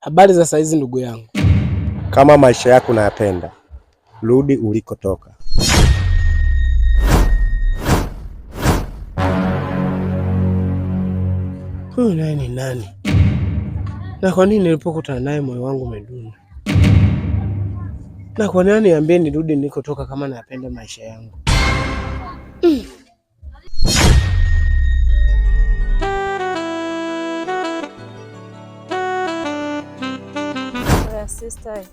Habari za saizi ndugu yangu, kama maisha yako unayapenda, rudi ulikotoka. Huyu naye ni nani? Na kwa nini nilipokutana naye moyo wangu umedunda? Na kwa nani niambie nirudi nilikotoka kama nayapenda maisha yangu? Mm. Sister,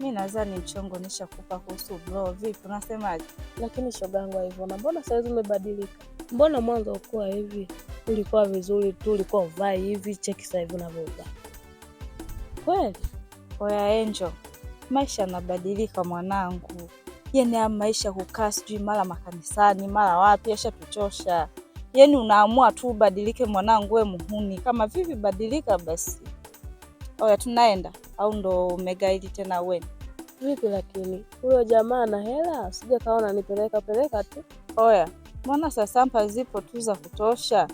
mi nadhani mchongo nishakupa kuhusu bro. Vipi, unasemaje? Lakini shogangu hivyo, mbona saizi umebadilika? Mbona mwanzo ukuwa hivi, ulikuwa vizuri tu, ulikuwa uvai hivi, cheki sasa hivi unavyovaa. Kweli oya, Angel, maisha yanabadilika mwanangu yani ya maisha kukaa sijui mara makanisani mara wapi yashatuchosha. Yani unaamua tu ubadilike, mwanangu, we muhuni kama vivi, badilika basi. Oya, tunaenda au ndo umegaidi tena weni? Vipi lakini huyo jamaa na hela sija kaona, nipeleka peleka tu. Oya mwana, sasampa zipo tu za kutosha.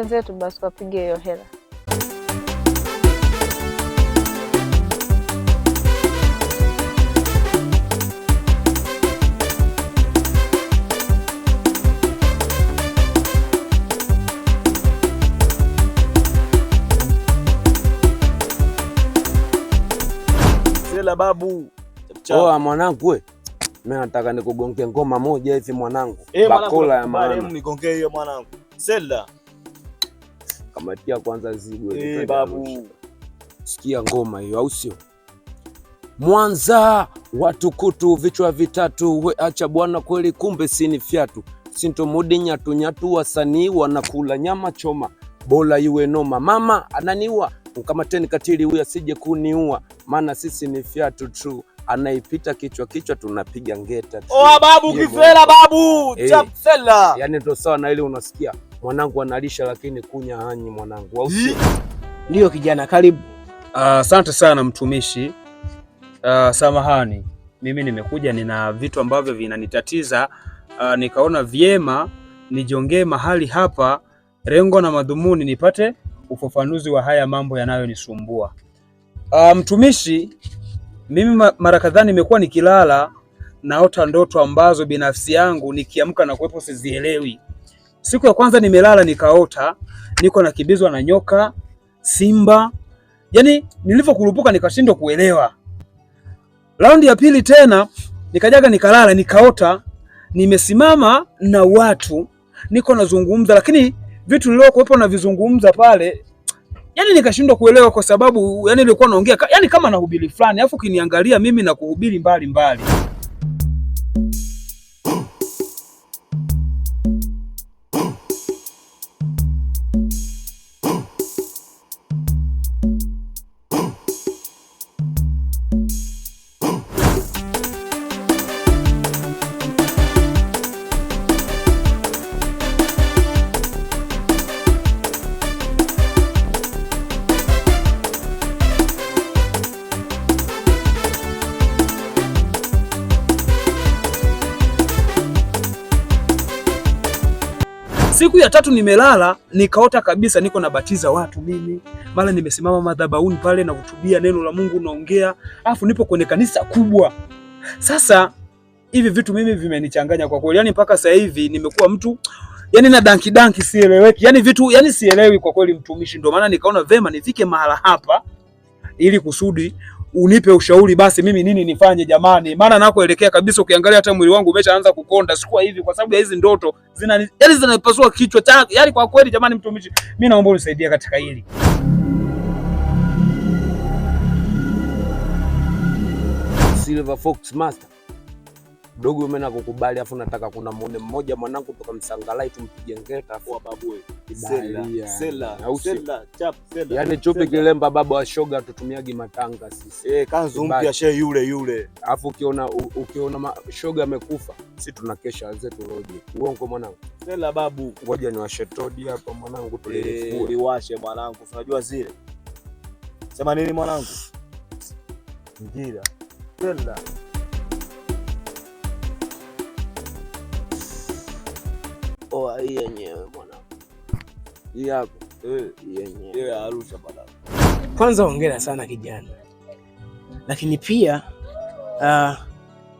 wenzetu, basi wapige hiyo hela. Babu oa mwanangu, we mimi nataka nikugonge ngoma moja hivi mwanangu, eh, bakola ya maana. Nigongee hiyo mwanangu Sela kamatia kwanza zigwe hey, eh, babu. Sikia ngoma hiyo, au sio? Mwanza watukutu vichwa vitatu, we acha bwana kweli, kumbe sini fyatu sintomudi nyatu nyatu, wasanii wanakula nyama choma, bola iwe noma. Mama ananiua mkamateni katili huyu asije kuniua, maana sisi ni fyatu tu anaipita kichwa kichwa, tunapiga ngeta. Oh, babu kifela babu, eh. chapsela. yani ndo sawa na ile unasikia mwanangu analisha, lakini kunya hanyi mwanangu, au sio? Ndio kijana, karibu. Ah, asante uh, sana mtumishi. Uh, samahani, mimi nimekuja, nina vitu ambavyo vinanitatiza uh, nikaona vyema nijongee mahali hapa, lengo na madhumuni nipate ufafanuzi wa haya mambo yanayonisumbua. Uh, mtumishi, mimi mara kadhaa nimekuwa nikilala naota ndoto ambazo binafsi yangu nikiamka na kuwepo sizielewi. Siku ya kwanza nimelala nikaota niko nakimbizwa na nyoka, simba, yaani nilivyokurupuka nikashindwa kuelewa. Raundi ya pili tena nikajaga nikalala nikaota nimesimama na watu niko nazungumza, lakini vitu nilivyokuwepo na vizungumza pale yani nikashindwa kuelewa kwa sababu yani nilikuwa naongea yani kama nahubiri fulani, alafu kiniangalia mimi na kuhubiri mbali mbali. Siku ya tatu nimelala nikaota kabisa niko nabatiza watu mimi, mara nimesimama madhabahuni pale na kutubia neno la Mungu, naongea alafu nipo kwenye kanisa kubwa. Sasa hivi vitu mimi vimenichanganya kwa kweli, yani mpaka sasa hivi nimekuwa mtu yani na danki danki, sieleweki yani vitu yani sielewi kwa kweli, mtumishi. Ndio maana nikaona vema nifike mahala hapa ili kusudi unipe ushauri basi mimi nini nifanye jamani, maana nakoelekea kabisa. Ukiangalia hata mwili wangu umeshaanza kukonda, sikuwa hivi kwa sababu ya hizi ndoto zina yani zinapasua kichwa cha yani Kwa kweli jamani, mtumishi, mimi naomba unisaidie katika hili. Silver Fox Master dogo mimi nakukubali, afu nataka kuna mone mmoja mwanangu toka Msangalai tumpige ngeta yani chupi kilemba babu wa shoga tutumiagi matanga sisi eh, kanzu mpya she yule yule. Afu ukiona ukiona shoga amekufa, si tunakesha zetu roji. Uongo mwanangu, sela babu, ngoja niwashetodi hapa mwanangu, tuliwashe eh, mwanangu, unajua zile sema nini mwanangu, njira sela Oa hii yenyewe bwana, hii hapo eh. yenyewe Arusha bwana. Kwanza hongera sana kijana, lakini pia uh,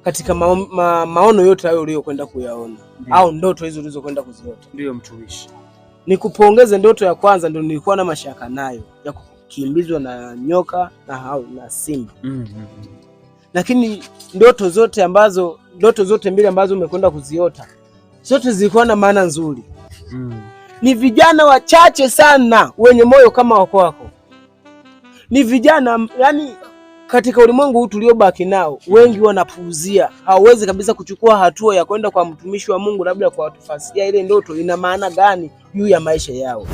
katika ma ma maono yote hayo uliyokwenda kuyaona au ndoto hizo ulizokwenda kuziota, ndio mtumishi, nikupongeze. Ndoto ya kwanza ndio nilikuwa na mashaka nayo ya kukimbizwa na nyoka na hao na simba mm -hmm. Lakini ndoto zote ambazo ndoto zote mbili ambazo umekwenda kuziota zote zilikuwa na maana nzuri mm. Ni vijana wachache sana wenye moyo kama wako wako, ni vijana yani katika ulimwengu huu tuliobaki nao wengi wanapuuzia, hawawezi kabisa kuchukua hatua ya kwenda kwa mtumishi wa Mungu, labda kwa tufasia ile ndoto ina maana gani juu ya maisha yao.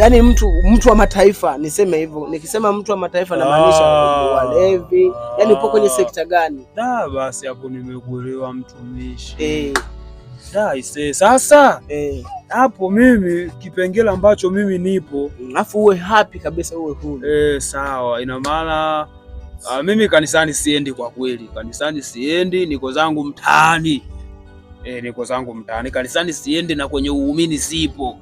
yani mtu mtu wa mataifa, niseme hivyo. Nikisema mtu wa mataifa namaanisha ah. walevi. Yani uko kwenye sekta gani? Da, basi hapo nimekuelewa mtumishi. Eh. Da, ise sasa eh. hapo mimi kipengele ambacho mimi nipo alafu uwe happy kabisa uwe huru. Eh, sawa, ina maana Uh, mimi kanisani siendi kwa kweli, kanisani siendi, niko zangu mtaani. Eh, niko zangu mtaani, kanisani siendi na kwenye uumini sipo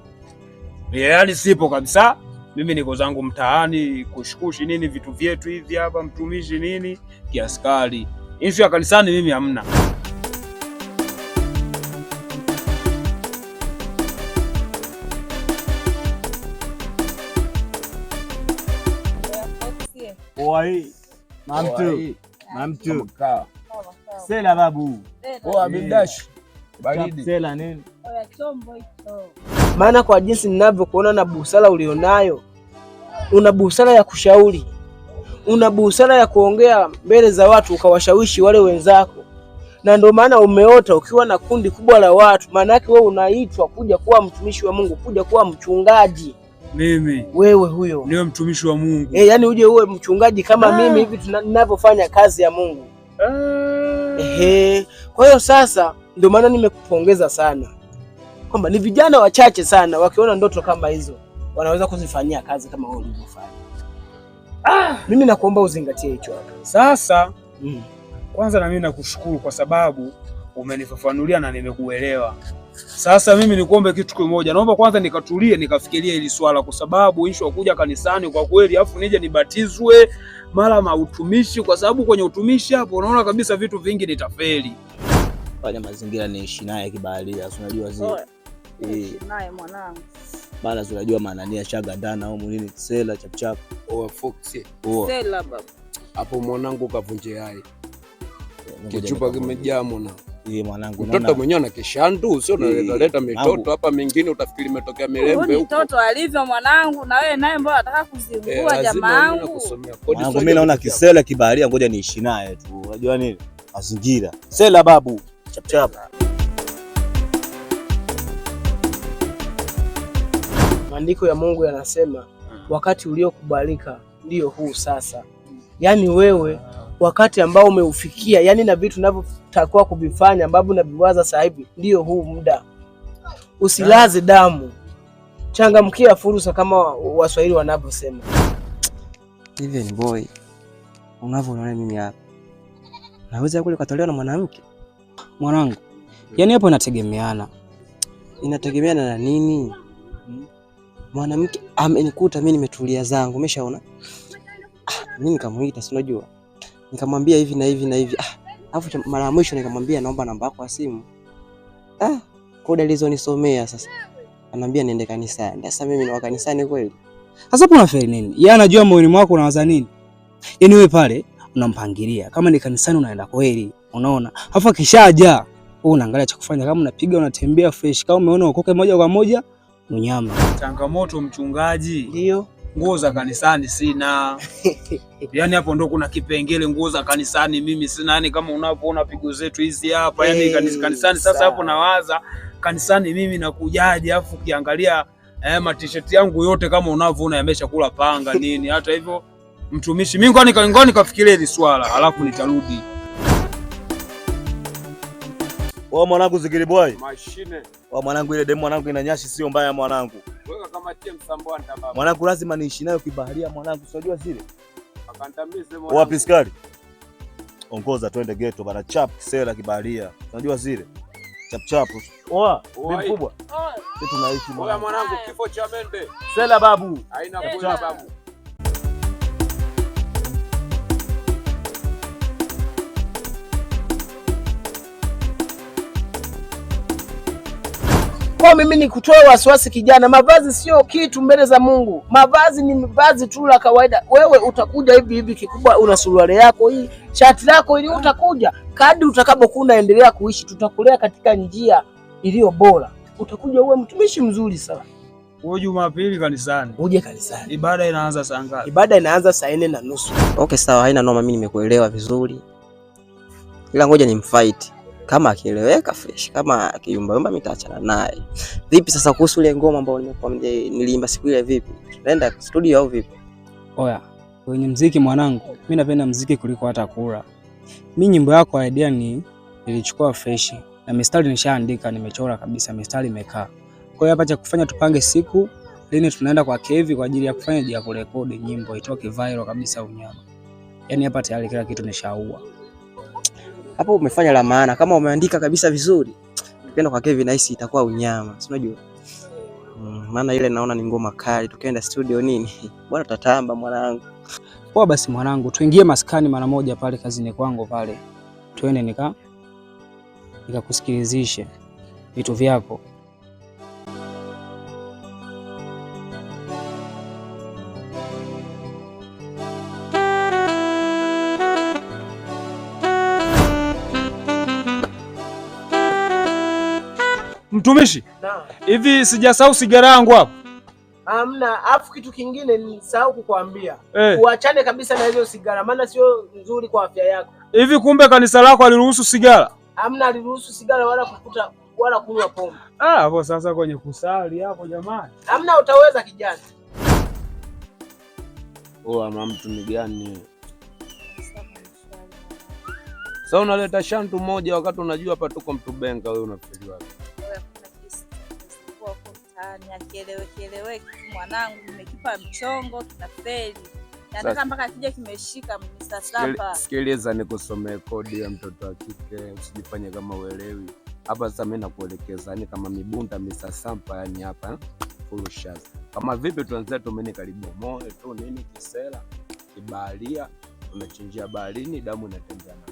yaani sipo kabisa. Mimi niko zangu mtaani kushkushi nini vitu vyetu hivi hapa, mtumishi nini kiaskari, ishu ya kanisani mimi hamna. Sela babu. Baridi. Sela nini? maana kwa jinsi ninavyokuona na busara ulionayo, una busara ya kushauri, una busara ya kuongea mbele za watu ukawashawishi wale wenzako, na ndio maana umeota ukiwa na kundi kubwa la watu. Maana yake wewe unaitwa kuja kuwa mtumishi wa Mungu, kuja kuwa mchungaji. Mimi wewe huyo niwe mtumishi wa Mungu e, eh, yani uje uwe mchungaji kama ah, mimi hivi ninavyofanya kazi ya Mungu ah. Ehe, kwa hiyo sasa ndio maana nimekupongeza sana kwamba ni vijana wachache sana wakiona ndoto kama hizo wanaweza kuzifanyia kazi kama wewe ulivyofanya. Ah, mimi nakuomba uzingatie hicho hapo sasa. Mm. Kwanza na mimi nakushukuru kwa sababu umenifafanulia na nimekuelewa. Sasa mimi nikuombe kitu kimoja, naomba kwanza nikatulie nikafikiria hili swala, kwa sababu issue ya kuja kanisani kwa kweli, afu nije nibatizwe mara mautumishi, kwa sababu kwenye utumishi hapo unaona kabisa vitu vingi nitafeli. Fanya mazingira niishi naye kibaharia, unajua zile Eh. naye mwanangu unajua maanania shagandana au nini, sela chapchap oh, sela baba. Hapo mwanangu kavunje hai eh, kichupa kimejaa mwana eh, mwanangu, mtoto mwenyewe na kishandu, sio naleta mitoto hapa mingine, utafikiri imetokea mirembemtoto huko. Mtoto alivyo mwanangu, na wewe naye mbona unataka kuzingua jamaangu? Mwanangu mimi naona kisela kibaharia, ngoja niishi naye tu, unajua nini mazingira, sela babu chapchap maandiko ya Mungu yanasema hmm. wakati uliokubalika ndio huu sasa. Yaani wewe hmm. wakati ambao umeufikia, yani na vitu navyotakiwa kuvifanya ambavyo naviwaza sasa hivi ndio huu muda. Usilaze hmm. damu, changamkia fursa kama Waswahili wanavyosema. Even boy, unavyoona mimi hapa naweza kule katolewa na mwanamke mwanangu, yaani hapo inategemeana, inategemeana na nini? mwanamke ah, amenikuta mimi nimetulia zangu, umeshaona. Ah, mimi nikamuita, si unajua, nikamwambia hivi na hivi na hivi. Ah, alafu mara ya mwisho nikamwambia naomba namba yako ya simu. Ah, kodi alizonisomea sasa, ananiambia niende kanisani. Sasa mimi ni wa kanisani kweli? Sasa hapo unafeli nini? Yeye anajua moyoni mwako unawaza nini. Yaani wewe pale unampangilia kama ni kanisani unaenda kweli, unaona. Alafu akishaja wewe unaangalia cha kufanya, kama unapiga unatembea fresh, kama umeona ukoke moja kwa moja Mnyama. Changamoto mchungaji. Ndio. Nguo za kanisani sina. Yaani hapo ndo kuna kipengele, nguo za kanisani mimi sina, yani kama unavyoona pigo zetu hizi hapa, yani hey, kanisani sasa hapo nawaza kanisani mimi nakujaje, afu ukiangalia eh, matisheti yangu yote kama unavyoona yameshakula panga nini. Hata hivyo mtumishi, mimi ngoni nikafikiria hili swala, alafu nitarudi. Oh, mwanangu Zigiri boy. Mashine. Oh, mwanangu ile demu mwanangu ina nyashi sio mbaya mwanangu. Weka kama tie msambwani baba. Mwanangu lazima niishi nayo kibaharia mwanangu. Unajua zile? Akandamize mwanangu. Wapi skari? Ongoza twende ghetto bana chap sela kibaharia. Unajua zile? Chap chap. Oa, ni mkubwa. Sisi tunaishi mwanangu. Oa mwanangu kifo cha mende. Sela babu. Haina kula babu. Kwa mimi nikutoe wasiwasi kijana, mavazi sio kitu mbele za Mungu. Mavazi ni vazi tu la kawaida. Wewe utakuja hivi hivi kikubwa, una suruali yako hii, shati lako ili, utakuja kadi utakapokuwa endelea kuishi, tutakulea katika njia iliyo bora, utakuja uwe mtumishi mzuri sana. Wewe Jumapili kanisani. Uje kanisani. Ibada inaanza saa ngapi? Ibada inaanza saa nne na nusu. Okay, sawa, haina noma, mimi nimekuelewa vizuri, ila ngoja mfaiti kama akieleweka fresh, kama akiyumba yumba nitaachana naye. Vipi sasa kuhusu ile ngoma ambayo niliimba siku ile, vipi? Tunaenda studio au vipi? Oya, kwenye mziki mwanangu, mi napenda mziki kuliko hata kula. Mi nyimbo yako idea ni nilichukua fresh na mistari nishaandika, nimechora kabisa, mistari imekaa. Kwa hiyo hapa cha kufanya tupange siku lini tunaenda kwa Kevi kwa ajili ya kufanya ya kurekodi nyimbo itoke viral kabisa unyama. Yaani hapa tayari kila kitu nishaua hapo umefanya la maana, kama umeandika kabisa vizuri, tukienda kwa Kevin Nice itakuwa unyama, si unajua mm, maana ile naona ni ngoma kali, tukienda studio nini bwana, tatamba mwanangu. Poa basi mwanangu, tuingie maskani mara moja pale kazini kwangu pale, tuende nika nikakusikilizishe vitu vyako. Mtumishi, hivi sijasahau sigara yangu hapo. Hamna, afu kitu kingine nilisahau kukwambia. Eh. Uachane kabisa na hizo sigara maana sio nzuri kwa afya yako. Hivi kumbe kanisa lako aliruhusu sigara? Hamna, aliruhusu sigara wala kukuta wala kunywa pombe. Ah, hapo sasa kwenye kusali hapo jamani. Hamna, utaweza kijana. Oh, ama mtu ni gani? Sasa unaleta shantu moja wakati unajua hapa tuko mtu benga wewe unafikiri wapi? mtihani akielewekieleweki, mwanangu nimekipa mchongo kinafeli, nataka yaani, mpaka akija kimeshika msasapa. Sikiliza, nikusomee kodi ya mtoto wa kike, usijifanye kama uelewi hapa. Sasa mimi nakuelekeza, yani kama mibunda misasampa, yani hapa furusha kama vipi, tuanzia tumeni moe tu nini, kisela kibaharia, unachinjia baharini, damu inatembea